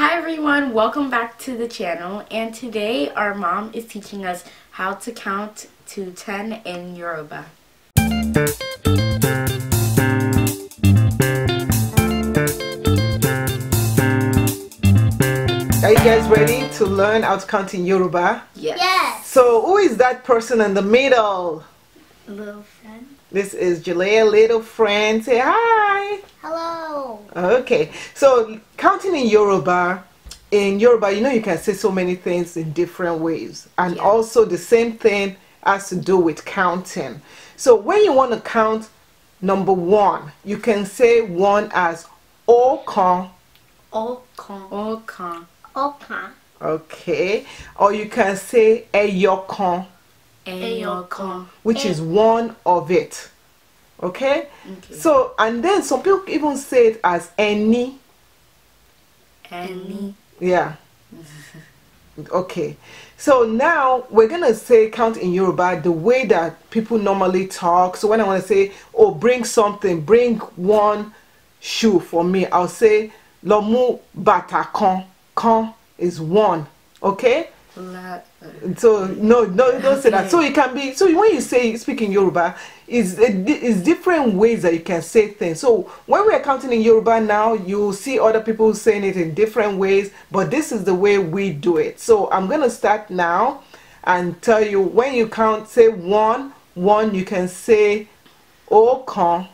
Hi everyone, welcome back to the channel and today our mom is teaching us how to count to 10 in Yoruba. Are you guys ready to learn how to count in Yoruba? Yes. yes. So who is that person in the middle? Little friend. This is Jalea, little friend. Say hi. Hello. Okay, so counting in Yoruba, in Yoruba, you know you can say so many things in different ways, and yeah. also the same thing has to do with counting. So when you want to count number one, you can say one as ọ̀kan. ọ̀kan. ọ̀kan. ọ̀kan. Okay, or you can say ẹyọ̀kan. ẹyọ̀kan. Which e is one of it. Okay? So, and then some people even say it as any. Any. Yeah. okay. So now we're going to say count in Yoruba the way that people normally talk. So when I want to say, oh, bring something, bring one shoe for me, I'll say, lomu bata kon. Kon is one. Okay? La, so no no don't say that so it can be so when you say speaking yoruba is is different ways that you can say things so when we're counting in yoruba now you see other people saying it in different ways but this is the way we do it so i'm gonna start now and tell you when you count say one one you can say ọ̀kan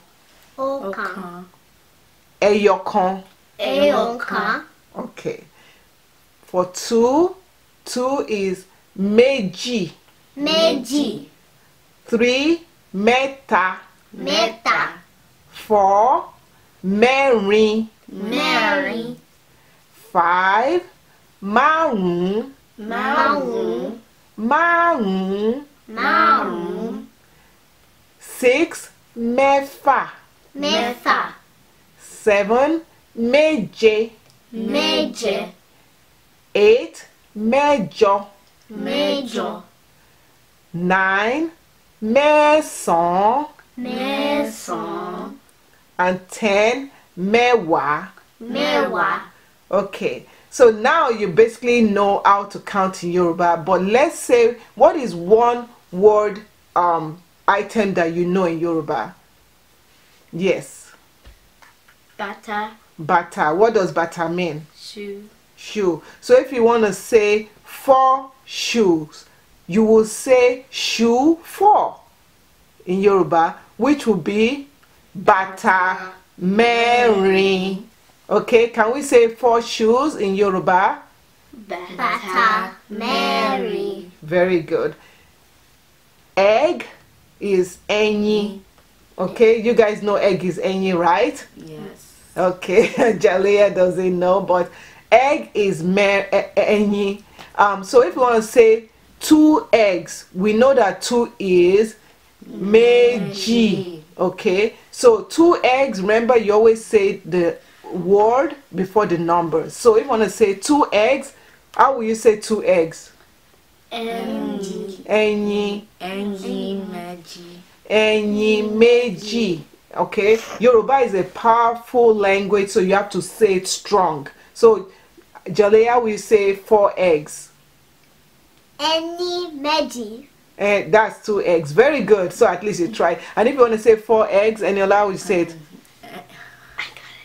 ọ̀kan ẹyọ̀kan ẹyọ̀kan okay for two two is Meji. Meji. Three. Meta. Meta. Four. Mary. Mary. Five. Maun. Maun. Maun. Maun. Six. Mefa. Mefa. Seven. Meje. Meje. Eight. Major. Major 9 Nine, an And ten, mewa, mewa. Okay. So now you basically know how to count in Yoruba, but let's say what is one word um, item that you know in Yoruba? Yes. Bata. Bata. What does bata mean? Shoe shoe so if you want to say four shoes you will say shoe four in Yoruba which will be bàtà mary. okay can we say four shoes in Yoruba bàtà mary. very good egg is any. okay you guys know egg is any, right yes okay Jalea doesn't know but egg is enyi um so if you want to say two eggs we know that two is meji okay so two eggs remember you always say the word before the number so if you want to say two eggs how will you say two eggs enyi enyi any enyi meji okay yoruba is a powerful language so you have to say it strong so Jalea will say four eggs. Any Meji. And eh, that's two eggs. Very good. So at least you try. And if you want to say four eggs, and you'll say it.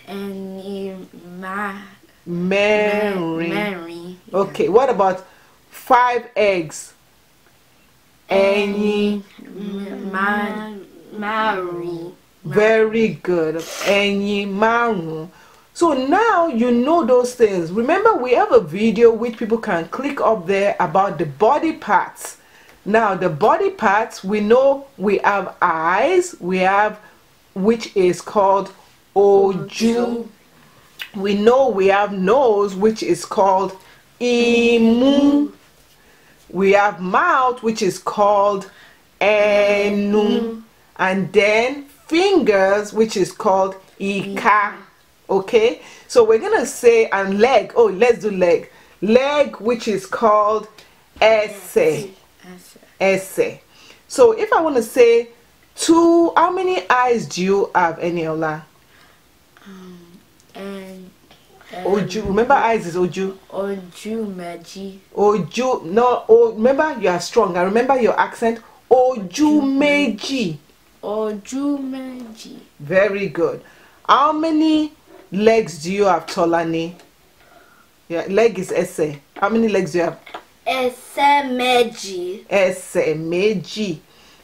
Any ma. Mary. Mary. Okay. What about five eggs? Any. Ma. Mary. Very good. Any Mary. So now you know those things. Remember, we have a video which people can click up there about the body parts. Now, the body parts, we know we have eyes, we have which is called oju. We know we have nose, which is called imu. We have mouth, which is called enu. And then fingers, which is called ika okay so we're gonna say and leg oh let's do leg leg which is called essay essay so if I want to say two how many eyes do you have Eniola um, and um, Oju remember eyes is Oju Oju Meji Oju no oh remember you are strong I remember your accent Oju Meji Oju Meji very good how many legs do you have, Tolani? Yeah, leg is ẹsẹ̀. How many legs do you have? Ẹsẹ̀ méjì. Ẹsẹ̀ méjì.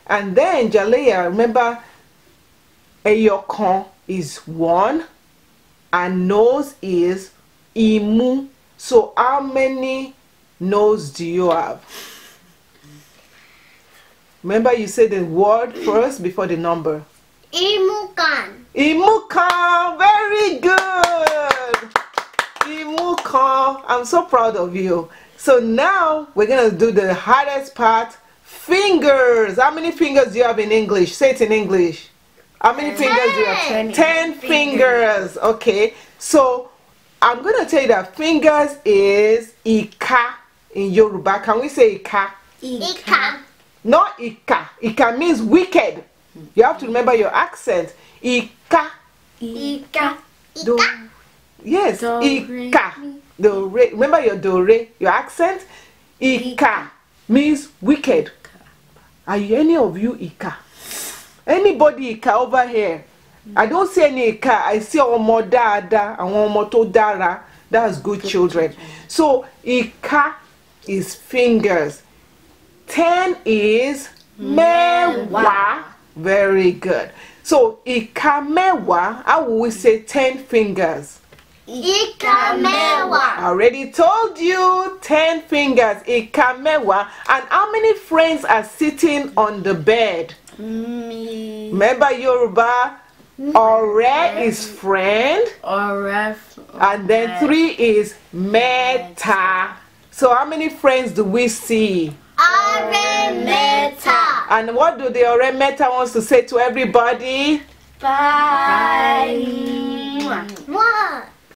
And then Jaleya, remember, Eyokon is one, and nose is imú. So how many nose do you have? Remember you said the word first before the number. Imu Imukan. Imukan, very good. Imukan, I'm so proud of you. So now we're going to do the hardest part, fingers. How many fingers do you have in English? Say it in English. How many Ten. fingers do you have? Ten, Ten fingers. fingers. Okay. So I'm going to tell you that fingers is Ika in Yoruba. Can we say Ika? Ika. Not Ika. Ika means wicked. You have to remember your accent. Ika. Ika. Do. Yes. Do Ika. Do re. Remember your do re. Your accent. Ika means wicked. Are you, any of you Ika? Anybody Ika over here? I don't see any Ika. I see ọmọ dáadáa, àwọn ọmọ tó dára. That's good children. So Ika is fingers. Ten is mewa. Very good. So, ikamewa, mẹ́wàá, how will we say 10 fingers? Ikamewa. I already told you 10 fingers, Ikamewa. And how many friends are sitting on the bed? Me. Remember Yoruba? Ọ̀rẹ́ is friend. Ọ̀rẹ́. And then three is mẹ́ta. So how many friends do we see? Ọ̀rẹ́ mẹ́ta. And what do the Ore Meta wants to say to everybody? Bye. Bye.